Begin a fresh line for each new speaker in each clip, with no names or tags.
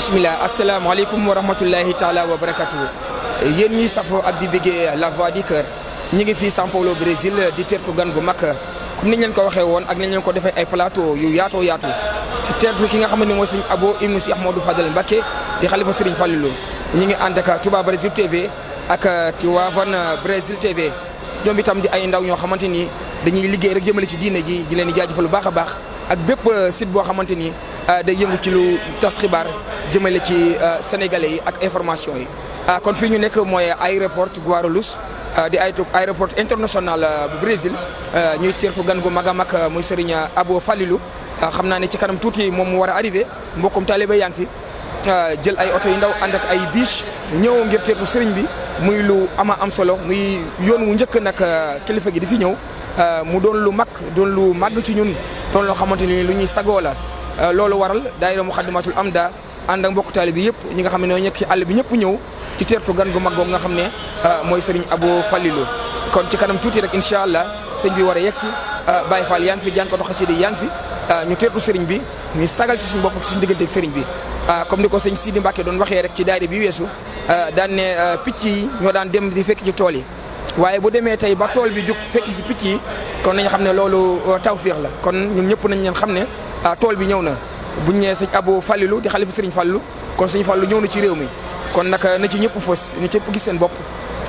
bisimilah asalaamaaleykum wa rahmatullahi taala wa barakatu yéen ñi safoo ak bi bëggee la voix di cœur ñu ngi fii São Paulo Brésil di teertu gan gu mag comme niñ leen ko waxee woon ak niñ leen ko defee ay plateau yu yaato yaatu te teertu ki nga xam ne mooy sëñ Abo ibnu si Ahmadou Fadal Mbacké di xalifa sëriñ Fallilou ñu ngi ànd ak Touba Brésil TV ak Tivaouane Brésil TV ñoom itam di ay ndaw ñoo xamante ni dañuy liggéey rek jëmale ci diine ji di leen di jaajëfal lu baax a baax ak bépp euh, site boo xamante ni euh, day yëngu ci lu tas xibaar jëmale ci euh, sénégalais yi ak information yi. Ah, kon fii ñu nekk mooy aéroport Guarulhos di ay aéroport international bu Brésil ñuy teertu gan gu mag a mag muy Serigne Abo Falilou xam naa ne ci kanam tuuti moom mu war a arrivé mbokkum taalibe yaa ngi fi. jël ay oto yu ndaw ànd ak ay biche ñëw ngir teeru sëriñ bi muy lu ama am solo muy yoon wu njëkk nag kilifa gi di fi ñëw mu doon lu mag doon lu màgg ci ñun doon loo xamante ni lu ñuy sagoo la euh, loolu waral daayira Muxaddamatul Amda ànd ak mbokk taalibe bi yëpp ñi nga xam ne ñoo nekk ci àll bi ñëpp ñëw ci teertu gan gu mag googu nga xam ne euh, mooy sëriñ Abou Fallilou kon ci kanam tuuti rek incha allah sëñ bi war a yegsi euh, Baye Fall yaa ngi fi jànkatu xasida yaa ngi fi ñu teertu sëriñ bi ñu sagal ci suñu bopp ci suñu digganteeg sëriñ bi comme ni ko si Sidi Mbacke doon waxee rek ci daayira bi weesu daan ne picc yi ñoo daan dem di fekk ci tool yi waaye bu demee tey ba tool bi jug fekk si picc yi kon nañ xam ne loolu euh, tawféex la kon ñun ñëpp nañ leen xam ne ah, tool bi ñëw na buñ ñëwee sëñ aboo Fallilu di xalifa sëriñ Fallu kon sëñ Fallu ñëw na ci réew mi kon nag na ci ñëpp fës na ci ñëpp seen bopp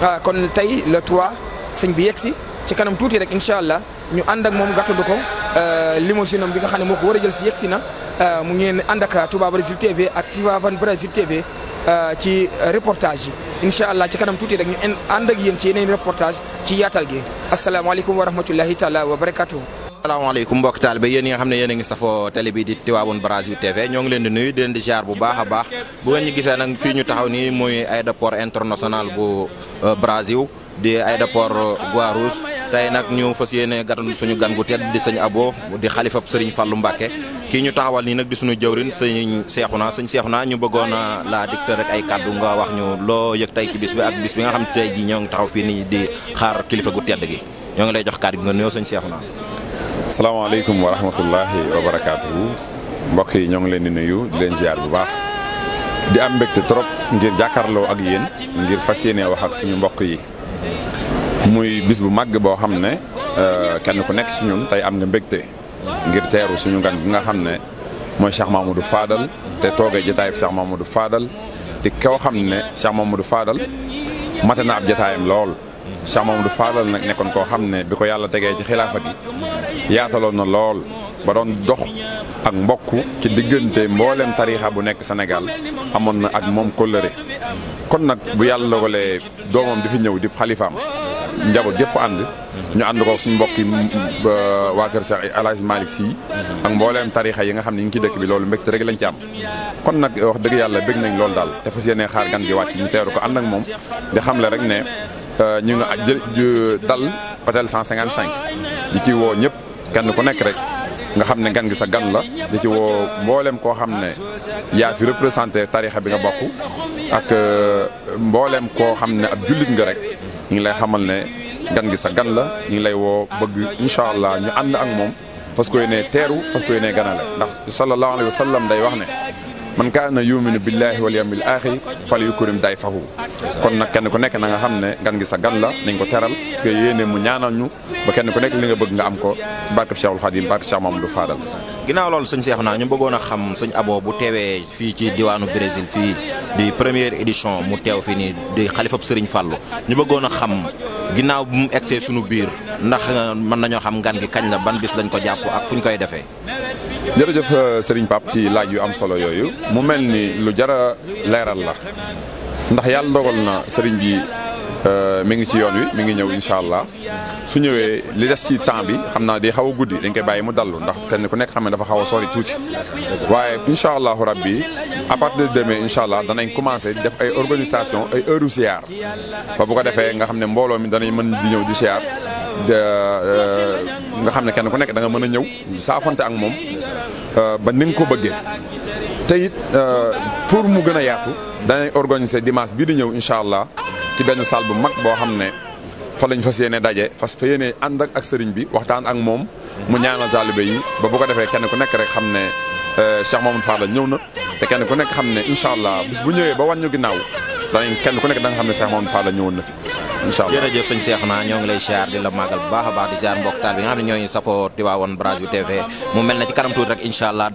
ah, kon tey le 3 sëñ bi yegg si ci kanam tuuti rek incha allah ñu ànd ak moom gàttandu ko euh, limousine bi nga xam ne moo ko war a jël si yegg si na euh, mu ngeen ànd ak Touba Brésil TV ak Tivaouane Brésil TV Euh, ci reportage yi incha allah ci kanam tuuti rek ñu ànd ak yéen ci yeneen reportage ci yaatal gi asalaamaaleykum wa rahmatullahi taala wa barakatuh
asalaamaaleykum mbokk taalibe yéen yi nga xam ne yéen a ngi safoo télé bi di Tivaouane Brazil TV ñoo ngi leen di nuyu di leen di ziar bu baax a baax bu ngeen ñu gisee nag fii ñu taxaw nii muy aéroport international bu euh, Brazil di aéroport Guarulhos tey nag ñu fas yéene gàttandu suñu gan gu tedd di sëñ aboo di xalifab sëriñ Fallou Mbacke kii ñu taxawal nii nag di suñu jëwrin sëñ Seexuna sëñ naa ñu bëggoon a laa dikte rek ay kàddu nga wax ñu loo yëg tey ci bis bi ak bis bi nga xam tey ji ñoo ngi taxaw fii nii di xaar kilifa gu gi ñoo ngi lay jox kàddu gi nga nuyoo sëñ Seexuna
asalaamaaleykum wa rahmatullahi wa barakaatuhu mbokk yi ñoo ngi leen di nuyu di leen ziar bu baax di am mbégte trop ngir jàkkaarloo ak yéen ngir fas yéene wax ak suñu mbokk yi muy bis bu màgg boo xam ne euh, kenn ku nekk ci ñun tey am nga mbégte ngir teeru suñu ngan bi nga xam ne mooy Cheikh du faadal te toogee jotaayub Cheikh du faadal te koo xam ne Cheikh du faadal mate na ab jataayam lool. Cheikh Mamadou Fadal nag nekkoon koo xam ne bi ko yàlla tegee ci xilaafa gi yaataloon na lool ba doon dox ak mbokk ci diggante mboolem tariixa bu nekk Sénégal amoon na ak moom kóllëre kon nag bu yàlla dogalee doomam di fi ñëw di xalifaam. njaboot gépp ànd ñu ànd ko suñu mbokk yi waa kër Cheikh El Hadj Malick Sy ak mbooleem tarixa yi nga xam ne ñu ngi ci dëkk bi loolu mbégte rek lañ ci am kon nag wax dëgg yàlla bég nañ loolu daal te fas yéene xaar gan gi wàcc ñu teeru ko ànd ak moom di xamle rek ne euh, ñu nga dal hôtel 155 di ci woo ñëpp kenn ku nekk rek nga xam ne gan gi sa gan la di ci woo mboolem koo xam ne yaa fi représenté tarixa bi nga bokk ak euh, mboolem koo xam ne ab jullit nga rek ñu ngi lay xamal ne gan gi sa gan la ñu ngi lay woo bëgg incha allah ñu ànd ak moom fas ko yéenee teeru fas ko yéenee ganale ndax sallallahu alayhi wa sallam day wax ne man kaana yuminu billahi wal yawmil axir fal yukrim dayfahu kon nag kenn ku nekk na nga xam ne gan gi sa gan la nañ ko teral parce que yéene mu ñaanal ñu ba kenn ku nekk li nga bëgg nga am ko barkab Cheikhul Khadim barkab Cheikh Mamadou Fadal
ginnaaw loolu sëñ Cheikh naa ñu bëggoon a xam sëñ aboo bu teewee fii ci diwaanu Brésil fii di première édition mu teew fii nii di xalifab Serigne Fallou ñu bëggoon a xam ginnaaw bu mu egsee sunu biir ndax mën nañoo xam gan gi kañ la ban bis lañ ko jàpp ak fu ñu koy defee
jërëjëf euh, sëriñ Pape ci laaj yu am solo yooyu mu mel ni lu jara leeral la ndax yàlla ndogal na sëriñ bi euh, mi ngi ci yoon wi mi ngi ñëw incha allah su ñëwee li des ci temps bi xam naa di xaw a guddi dañ koy bàyyi mu dallu ndax kenn ku nekk xam ne dafa xaw a sori tuuti waaye incha allahu rabbi à partir de demain allah danañ commencé def ay organisation ay heure siyaar bu ko defee nga xam ne mbooloo mi danañ mën di ñëw di siyaar euh, nga xam ne kenn ku nekk da nga mën a ñëw saafante ak moom Euh, ba ni nga ko bëggee te it euh, pour mu gën a yaatu dañuy organiser dimanche bii di ñëw incha allah ci benn salle bu mag boo xam ne fa lañ fas yéene daje fas fa yenee ànd ak sëriñ bi waxtaan ak moom mu ñaanal taalibe yi ba bu ko defee kenn ku nekk rek xam ne moom euh, Mamadou la ñëw na te
kenn ku nekk xam ne incha allah bis bu ñëwee ba wan wàññu ginnaaw danañ kenn ku nekk da nga xam ne Cheikh Mamadou Fall ñëwoon na fi incha allah jërëjëf sëñ Cheikh naa ñoo ngi lay ziar di la màggal bu a di ziar mbokk taal bi nga xam ne ñooñu safoo Tivaouane la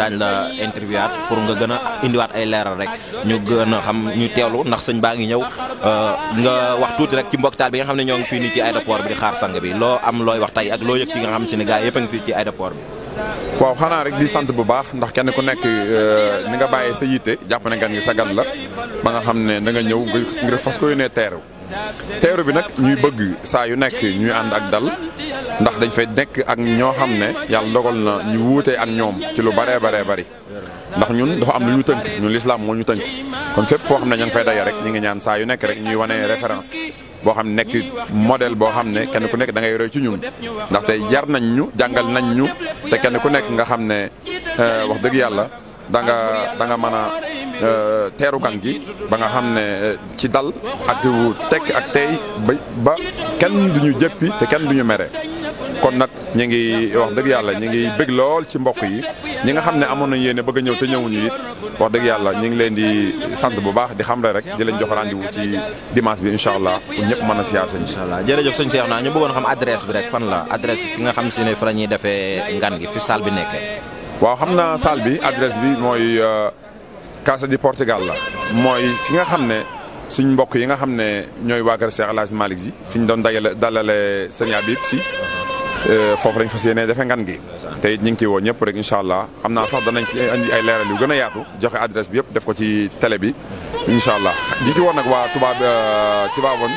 daañ la interviewat pour nga gën a indiwaat ay leeral rek ñu gën a xam ñu teewlu ndax sëñ baa ngi ñëw euh, nga wax tuuti rek ci mbokk taal bi nga xam ne ñoo ngi fii nii ci aéroport bi di xaar sang bi loo am looy wax tey ak loo yëg ci nga xam si ne gaa yëpp a ngi fii ci aéroport bi
waaw xanaa rek di sant bu baax ndax kenn ku nekk euh, ni nga bàyyee sa yitte jàpp ne gan gi sa gan la ba nga xam ne da nga ñëw ngir fas ko yónnee teeru teeru bi nag ñuy bëgg saa yu nekk ñuy ànd ak dal ndax dañ fay nekk ak ñoo xam ne yàlla dogal na ñu wuute ak ñoom ci lu baree baree bari ndax ñun dafa am lu ñu tënk ñun lislaam moo ñu tënk kon fépp foo xam ne ña ngi fay daje rek ñu ngi ñaan saa yu nekk rek ñuy wanee référence boo xam nekk modèle boo xam ne kenn ku nekk da ngay roy ci ñun ndaxte yar nañ ñu jàngal nañ ñu te kenn ku nekk nga xam ne euh, wax dëgg yàlla da nga da nga mën a euh, teeru gan gi ba nga xam ne euh, ci dal ak tekk ak tey ba kenn du ñu jëppi te kenn du ñu mere. kon nag ñu ngi wax dëgg yàlla ñu ngi bëgg lool ci mbokk yi ñi nga xam ne amoon nañu yéene bëgg a ñëw te ñëwuñu it wax dëgg yàlla ñu ngi leen di sant bu baax di xam rek di leen jox rendez-vous ci dimanche bi incha allah pour ñëpp mën a siyaar sëñ incha allah
jërëjëf sëñ Cheikh naa ñu bëggoon xam adresse bi rek fan la adresse bi fi nga xam si ne fa ñuy defee ngan gi fi salle bi nekkee
waaw xam naa salle bi adresse bi mooy euh, Casa di Portugal la mooy fi nga xam ne suñ mbokk yi nga xam ne ñooy waa kër Cheikh El Hadj si fi ñu doon dajale dalale sëñ Habib si Euh, foofu lañ fas yéene defe ngan gi te it ñu ngi ciy woo ñëpp rek incha allah xam na sax danañ andi ay leeral yu gën a yaatu joxe adresse bi yëpp def ko ci télé bi incha allah ñi ci woon nag waa tubaab euh, Tivaouane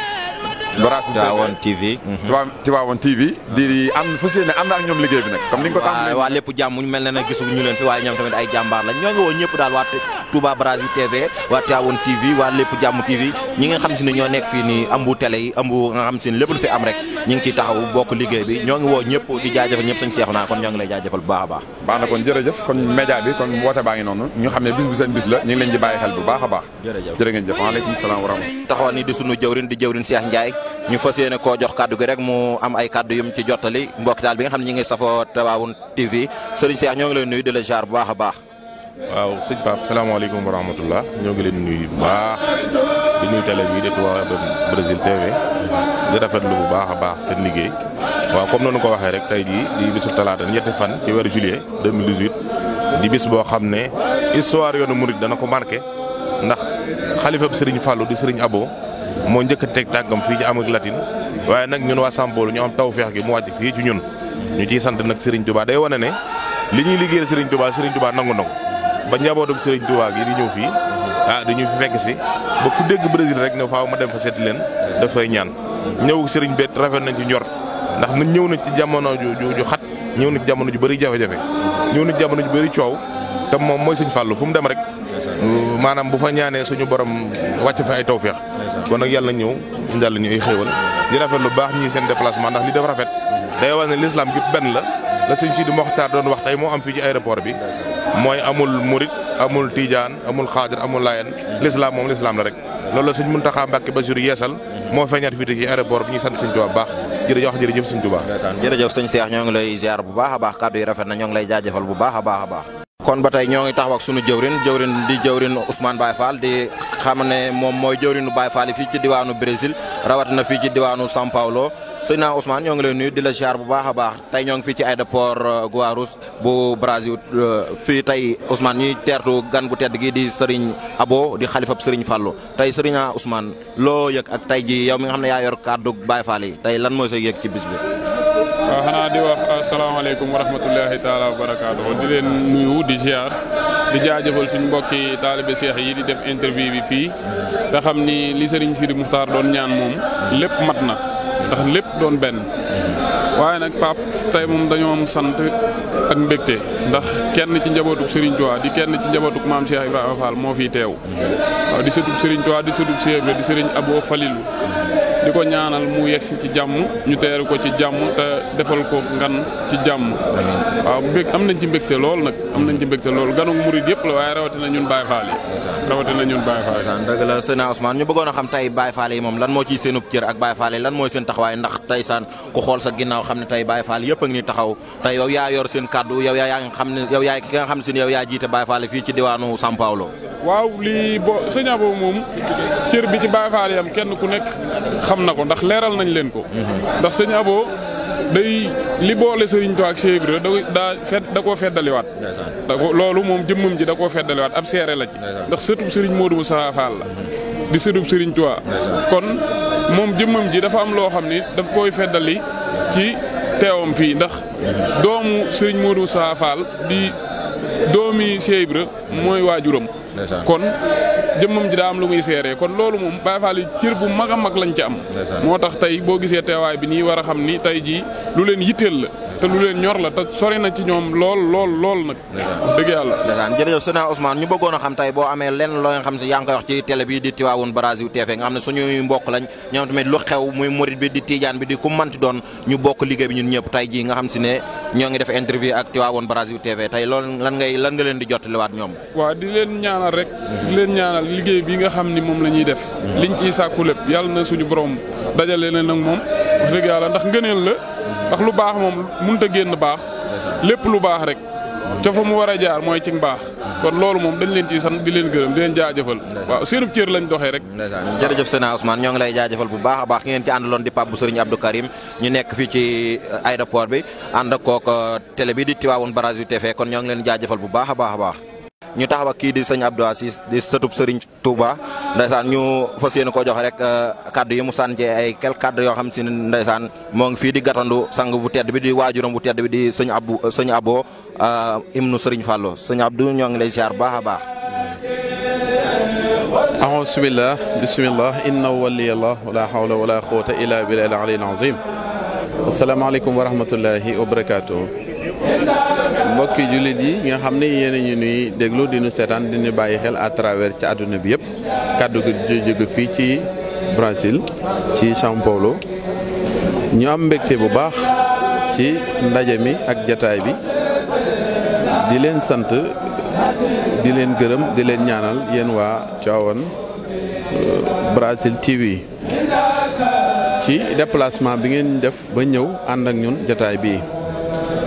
Baraas Tivaouane TV mhm. Tivaouane TV di am fas yéene ànd ak ñoom liggéey bi nag comme ni nga ko tàmbalee waa
lépp jàmm ñu mel ne nag gisu ñu leen fi waaye ñoom tamit ay jàmbaar la ñoo ngi woo ñëpp daal waa Touba Baraas TV waa Tivaouane TV waa lépp jàmm TV ñi nga xam si ne ñoo nekk fii nii ambu télé yi ambu nga xam si ne lépp lu fi am rek ñi ngi ciy taxaw bokk liggéey bi ñoo ngi woo ñëpp di jaajëfal ñëpp sañ seexu naa kon ñoo ngi lay jaajëfal bu baax a baax baax na kon jërëjëf kon média bi kon woote baa ngi noonu ñu xam ne bis bu seen bis la ñu ngi leen di bàyyi xel bu baax a baax jërëjëf jërë ngeen jëf waaleykum salaam wa rahmatulah taxawal ni di sunu jëwrin di jëwrin Cheikh Ndiaye ñu fas yéene koo jox kàddu gi rek mu am ay kàddu yum ci jottali mbokk daal bi nga xam ne ñu ngi safoo Tivaouane TV Serigne Cheikh ñoo ngi lay nuyu di la bu baax a baax. waaw
sëñ Pape salaamaaleykum wa rahmatullah ñoo ngi leen nuyu bu baax di nuyu télé bi de Tivaouane Brésil TV di lu bu baax a baax seen liggéey waaw comme noonu ko waxee rek tey jii di bisu talaata ñetti fan ci weeru juillet 2018 di bis boo xam ne histoire yoonu Mouride dana ko marqué ndax xalifa bi Serigne Fallou di Serigne Abo. moo njëkk a teg tàggam fii ci Amérique latine waaye nag ñun waa Sambolu ñu am tawféex gi mu wàcc fii ci ñun ñu ciy sant nag Serigne Touba day wane ne li ñuy liggéey liggéeyal Serigne Touba Serigne Touba nangu na ko ba njabootum Serigne Touba gi di ñëw fii ah di ñu fi fekk si ba ku dégg Brésil rek ne faaw ma dem fa seeti leen dafay ñaan ñëw sëriñ beet rafet nañ ci njort ndax na ñëw na ci jamono ju ju xat ñëw na ci jamono ju bëri jafe-jafe ñëw na ci jamono ju bëri coow te moom mooy Serigne Fallou fu mu dem rek maanaam bu fa ñaanee suñu borom wàcc fa ay tawféex kon nag yàlla ñëw indal ñu ay xéewal di rafet lu baax ñii seen déplacement ndax li dafa rafet day wax ne l'islam bi la la sëñ Sidi Moxtaar doon mooy amul murit amul tijaan amul xaadir amul layen l'islam moom l'islam la rek loolu la sëñ Muntaxa Mbàkke Basiru yeesal
mhm. moo feeñaat fii ci aéroport bi ñuy sant sëñ Tuubaa baax jërëjëf wax jërëjëf sëñ Tuubaa jërëjëf sëñ Seex ñoo ngi lay ziar bu baax a baax kàddu na ñoo ngi lay jaajëfal bu a baax kon ba tey ñoo ngi taxaw ak sunu jëwrin jëwrin di jëwrin Ousmane Baye Fall di xam ne moom mooy jëwrinu Baye Fall yi fii ci diwaanu Brésil rawatina fii ci diwaanu São Paulo sëñ naa ñoo ngi leen nuyu di la ziar bu baax a baax tey ñoo ngi fii ci aéroport euh, Guarulhos bu Brésil euh, fii tey usmaan ñuy teertu gan bu tedd gi di Serigne Abo di xalifab Serigne Fallou tey Serigne naa loo yëg ak tey ji yow mi nga xam ne yaa yor kàddu Baye Fall yi tey lan mooy sa yëg ci bis bi.
waaw euh, xanaa di wax asalaamaaleykum wa rahmatullahi taala wa di leen nuyu di ziar di jaajëfal suñ mbokki taalibe seex yi di def interview bi fii te xam ni li Serigne Sidi Muxtaar doon ñaan moom lépp mat na ndax lépp doon benn waaye nag pap tey moom dañoo am sant ak mbégte ndax kenn ci njabootuk Serigne Touba di kenn ci njabootuk maam Cheikh Ibrahima Fall moo fi teew waaw di sëtub Serigne Touba di sëtub Cheikh di Serigne Abo di ko ñaanal mu yegsi ci jàmm ñu teeru ko ci jàmm te defal ko ngan ci jàmm waaw mbég am nañ ci mbégte lool nag am nañ ci mbégte lool ganu murid yëpp la waaye
rawatina ñun Baye Fall yi rawatina ñun Baye Fall yi dëgg la Seydina Ousmane ñu bëggoon a xam tey Baye Fall yi moom lan moo ciy seenub cër ak Baye Fall yi lan mooy seen taxawaay ndax tey ku xool sa ginnaaw xam ne tey Baye Fall yëpp a ngi ni taxaw
xam na ko ndax leeral nañ leen ko. ndax sëñ Abo day li boole Serigne Touba ak Cheikh Ibra daa fed da koo feddaliwaat. da ko loolu moom jëmmam ji da koo feddaliwaat ab seere la ci. ndax sëtub Serigne Modou Moussa Fall la. di sëtub Serigne Touba. kon moom jëmmam ji dafa am loo xam ni daf koy feddali ci teewam fii ndax doomu sëriñ Modou Moussa di doomi Cheikh mooy waajuram. kon jëmmam ji daa am lu muy seeree kon loolu moom Baye Fall bu mag a mag lañ ci am moo tax tey boo gisee teewaay bi nii war a xam ni tey jii lu leen yitteel la
te lu leen ñor la te sori na ci ñoom lool lool lool nag. dëgg yàlla. ndeysaan jërëjëf sëñ Ousmane ñu bëggoon a xam tey boo amee lenn loo xam si yaa ngi koy wax ci télé bi di Tivaouane Brazzaville nga xam ne suñuy mbokk ñoom tamit lu xew muy murit di tiijaan bi liggéey bi nga xam si ne ñoo def interview ak Tivaouane Brazzaville TV tey loolu lan ngay leen di jottaliwaat di
mhm. leen ñaanal liggéey bi nga xam ni moom la ñuy def. Mhm. liñ ciy sàkku lépp yàlla na suñu borom dajale ndax lu baax moom mënut a génn baax lépp lu baax rek ca fa mu war a jaar mooy ci baax kon loolu moom dañ leen ciy sant di leen gërëm di leen jaajëfal waaw seenub cër
lañ doxee rek a jërëjëf Seydina Ousmane ñoo ngi lay jaajafal bu baax a baax ki ngeen ci àndaloon di pap bu Serigne Abdou Karim ñu nekk fii ci euh, aéroport bi ànd ak kook euh, télé bi di Tivaouane Barazu TV kon ñoo ngi leen jaajëfal bu baax a baax a baax ñu taxaw ak kii di sëñ Abdou Aziz di sëtub sëriñ Touba ndaysaan ñu fas yéene koo joxe rek euh, kaddu yi mu sànce ay quelques kaddu yoo xam si ne ndaysaan moo ngi fii di gàttandu sang bu tedd bi di waajuram bu tedd bi di sëñ Abou euh, sëñ Abo euh, imnu sëriñ Fallou sëñ Abdou ñoo ngi lay ziar baax a baax. auzu billah bismillah inna waliyallah
wala hawla wala quwwata illa billahi al-ali al-azim asalaamaaleykum wa rahmatullahi wa barakaatuh mbokki jullit yi nga xam ne yéen a ñu nuy déglu di nu seetaan di bàyyi xel à travers ci àdduna bi yëpp kàddu gi jóge fii ci Brésil ci São Paulo ñu am mbégte bu baax ci ndaje mi ak jataay bi di leen sant di leen gërëm di leen ñaanal yéen waa Tivaouane euh, Brésil yi ci déplacement bi ngeen def ba ñëw ànd ak ñun jataay bii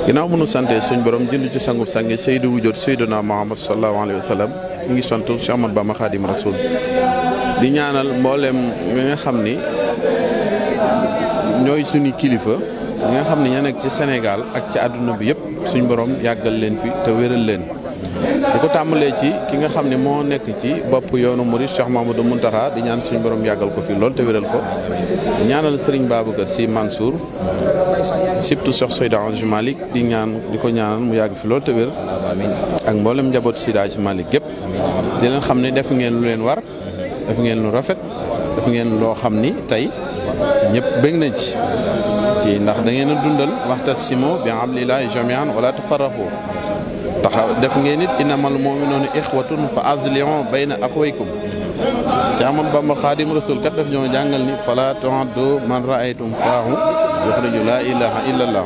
ginnaaw mënu santee suñ borom jënd ci sangub sangi saydu wujjoot sayduna muhammad sallallahu alayhi wa sallam ñu ngi sant Cheikh Ahmadou Bamba Khadim Rasoul di ñaanal mbooleem ñi nga xam ni ñooy suñu kilifa nga xam ne ña nekk ci Sénégal ak ci àdduna bi yëpp suñu borom yàggal leen fi te wéral leen di ko tàmbalee ci ki nga xam ne moo nekk ci bopp yoonu Mouride Cheikh Mamadou Mountakha di ñaan suñu boroom yàggal ko fi lool te wéral ko ñaanal Serigne Babacar Sy Mansour surtout Cheikh Seydi Hadji Malick di ñaan di ko ñaanal mu yàgg fi lool te wér ak mboolem njaboot Seydi Hadji Malick gépp di leen xam ne def ngeen lu leen war def ngeen lu rafet def ngeen loo xam ni tey ñëpp bëgg nañ ci ndax da ngeen a dundal waxta simo bi hablillahi jamian wala tafarraqu taxaw def ngeen it innamal mu'minuuna ixwatun fa aslihu bayna axwaykum si amam Bamba Xaadim Rasul kat daf ñoo jàngal ni fala tu'addu man ra'aytum faahu yuxriju laa ilaha illa allah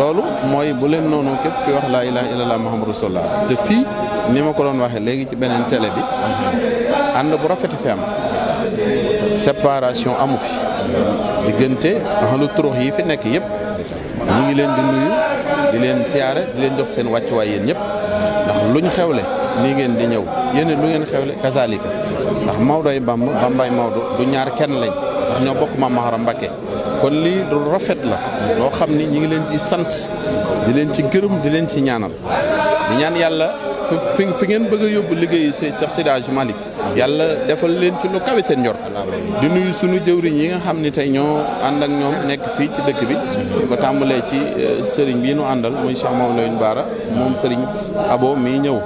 loolu mooy bu leen noonu képp kuy wax laa ilaha illa allah muhammadu rasulullah te fii ni ma ko doon waxee léegi ci beneen télé bi ànd bu rafet fi am séparation amu fi diggante ahlu turux yi fi nekk yëpp ñu ngi leen di nuyu di leen siyaare di leen jox seen wàccuwaay yéen ñëpp ndax luñ xewle nii ngeen di ñëw yéen lu ngeen xewle kasaalika ndax Maodo ay Bamba Bambaay Maodo du ñaar kenn lañ ñoo bokk maam Maharam Mbacke kon lii lu rafet la loo xam ni ñi ngi leen ci sant di leen ci gërëm di leen ci ñaanal di ñaan yàlla fi fi ngeen bëgg yóbbu liggéey say Cheikh Seydi Hadji yàlla defal leen ci lu kawe seen njort di nuyu sunu jëwriñ yi nga xam ni tey ñoo ànd ak ñoom nekk fii ci dëkk bi ba tàmbalee ci eh, sëriñ bii nu àndal muy Cheikh Mamadou Lamine Bara moom sëriñ Abo mii ñëw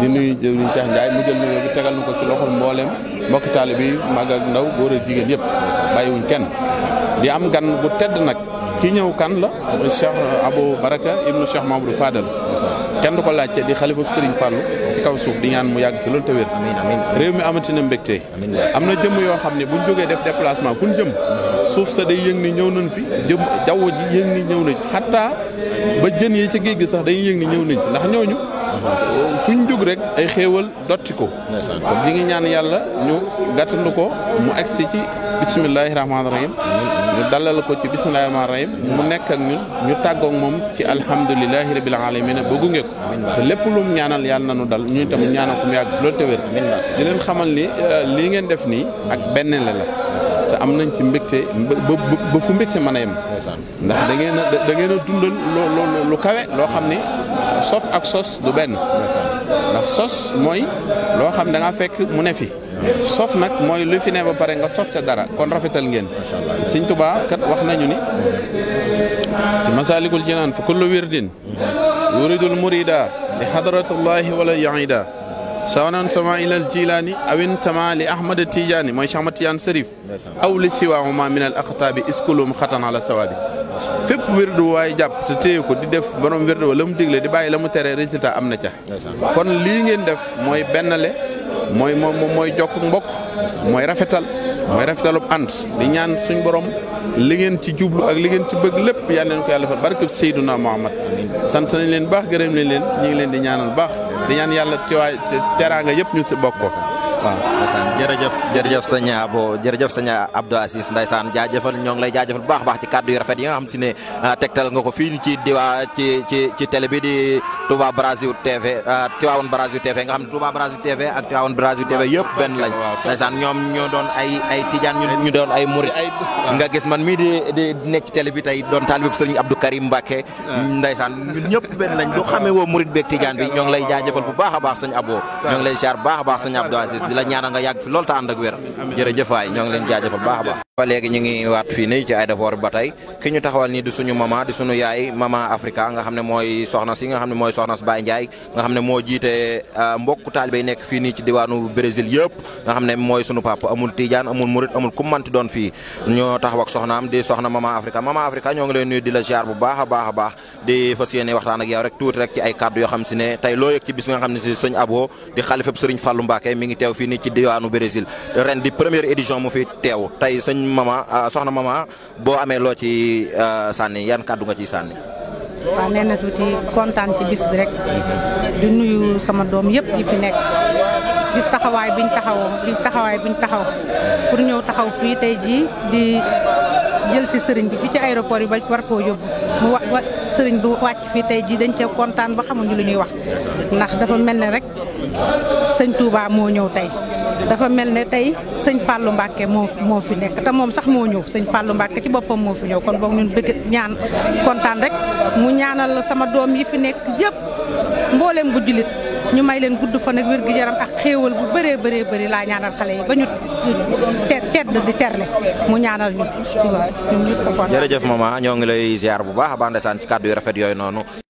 di nuyu jëwriñ Cheikh Ndiaye mu jël nuyoo bi tegal na ko ci loxol mbooleem mbokk taalibe yi mag ak ndaw góor ak jigéen yëpp bàyyiwuñ kenn di am gan bu tedd nag ki ñëw kan la Cheikh Abo Baraka ibnu Cheikh Mamadou Fadal kenn du ko laajte di xalifa sëriñ Fallou ci kaw suuf di ñaan mu yàgg fi loolu te réew mi amati na mbégte am na jëmm yoo xam ne buñ jógee def déplacement fu ñu jëm suuf sa day yëng ni ñëw nañ fi jëm jaww ji yëng ni ñëw nañ xataa ba jën yi ci géej gi sax day yëng ni ñëw nañ fi ndax ñooñu fu ñu jóg rek ay xéewal dotti ko kon ñi ngi ñaan yàlla ñu gàttandu ko mu agsi ci bismillahi rahmaani rahim ñu dalal ko ci bismillaahi rahmaani rahiim mu nekk ak ñu tàggoog moom ci alhamdulilahi rabil alamin ba gunge ko te lépp lu mu ñaanal yàlla na nu dal ñuy itam ñaanal ko mu yàgg loolu te wér di leen xamal ni euh, lii ngeen def nii ak benn la la am nañ ci mbégte ba fu mbégte mën a yem ndax da ngeen da ngeen a dundal lu lu kawe loo xam ne sof ak sos du benn ndax sos mooy loo xam da nga fekk mu ne fi sof nag mooy lu fi ne ba pare nga sof ca dara kon rafetal ngeen Sëñ Tuubaa kat wax nañu ni ci masaalikul jinaan fa kullu wirdin yuridul murida li hadratullahi wala yaida sawanan sama ilal jilaani awin sama li ahmada tijaani mooy Cheikh Ahmad Tijaan Sërif aw li siwaahuma min al axtaabi iskulum xatan ala sawaabi fépp wirdu waay jàpp te téye ko di def borom wirdu wa la mu digle di bàyyi la mu tere résultat am na ca kon lii ngeen def mooy benn le mooy moom mooy jokk mbokk mooy rafetal mooy rafetalub ànd di ñaan suñ borom li ngeen ci jublu ak li ngeen ci bëgg lépp yal leen ko yàlla defal barke Seyduna Muhammad sant nañ leen baax gërëm nañ leen ñu ngi leen di ñaanal baax di ñaan yàlla
ci waay teraanga yëpp ñu si bokk ko waaw ndeysaan jërëjëf jërëjëf sëñ Abo jërëjëf sëñ Abdou Aziz ndeysaan jaajëfal ñoo ngi lay jaajëfal bu baax baax ci kaddu yu rafet yi nga xam si ne ah, tegtal nga ko fii ci diwaa ci ci ci télé bi di Touba Brazil TV ah, Tivaouane Brazil TV nga xam ne Touba Brazil TV ak Tivaouane Brazil TV yëpp benn lañ ndeysaan ñoom ñoo doon ay ay tijaan ñu doon ay murit nga gis man mi di di nekk ci télé bi tey doon taalibeb sëriñ Abdou Karim Mbacke ah. ndeysaan ñun ñëpp benn lañ du xamee woo murit ñoo ngi lay jaajëfal bu baax a baax sëñ Abo ñoo ngi lay siyaar baax baax sëñ Abdou di la ñaanal nga yàgg fi loolu te ànd ak wér jërëjëf waay ñoo ngi leen jaajëfal baax baax ba léegi ñu ngi waat fii nii ci aéroport ba tey ki ñu taxawal nii di suñu mama di suñu yaay mama Africa nga xam ne mooy soxna si nga xam ne mooy soxna si Baye Ndiaye nga xam ne moo jiite euh, mbokk taalibe yi nekk fii nii ci diwaanu Brésil yëpp nga xam ne mooy suñu papa amul Tidiane amul Murit amul ku manti doon fii ñoo taxaw ak soxnaam di soxna mama Africa mama Africa ñoo ngi lay nuyu di la ziar bu baax a baax a baax di fas yéene waxtaan ak yow rek tuuti rek ci ay kàddu yoo xam si ne tey loo yëg xam ne si sëñ Abo di xalifab mi ngi teew fii nii ci diwaanu Brésil ren di première édition mu fi teew mama ah, soxna mama boo amee loo ci ah, sànni yan kàddu nga ciy sànni. waaw nee na tuuti kontaan ci bis bi rek di nuyu sama doom yëpp yi fi nekk bis taxawaay biñ taxawoo gis taxawaay biñ taxaw pour ñëw taxaw fii tey jii di. jël si sëriñ bi fii ci aéroport yi ba war koo yóbbu mu wax ba sëriñ bi wàcc fii tey jii dañ cee kontaan ba xamuñu lu ñuy wax ndax dafa mel ne rek sëñ Touba moo ñëw tey. dafa mel ne tey sëñ fàllu Mbacke moo moo fi nekk te moom sax moo ñëw sëñ fàllu Mbacke ci boppam moo fi ñëw kon boog ñun bëgg ñaan kontaan rek mu ñaanal sama doom yi fi nekk yëpp mboolem bu ñu may leen gudd fan ak wér gu yaram ak xéewal bu bëree bëree bëri laa ñaanal xale yi ba ñu te tedd di terle mu ñaanal ñu. jërëjëf maman ñoo ngi lay ziar bu baax a baax ndeysaan kàddu yu rafet yooyu noonu.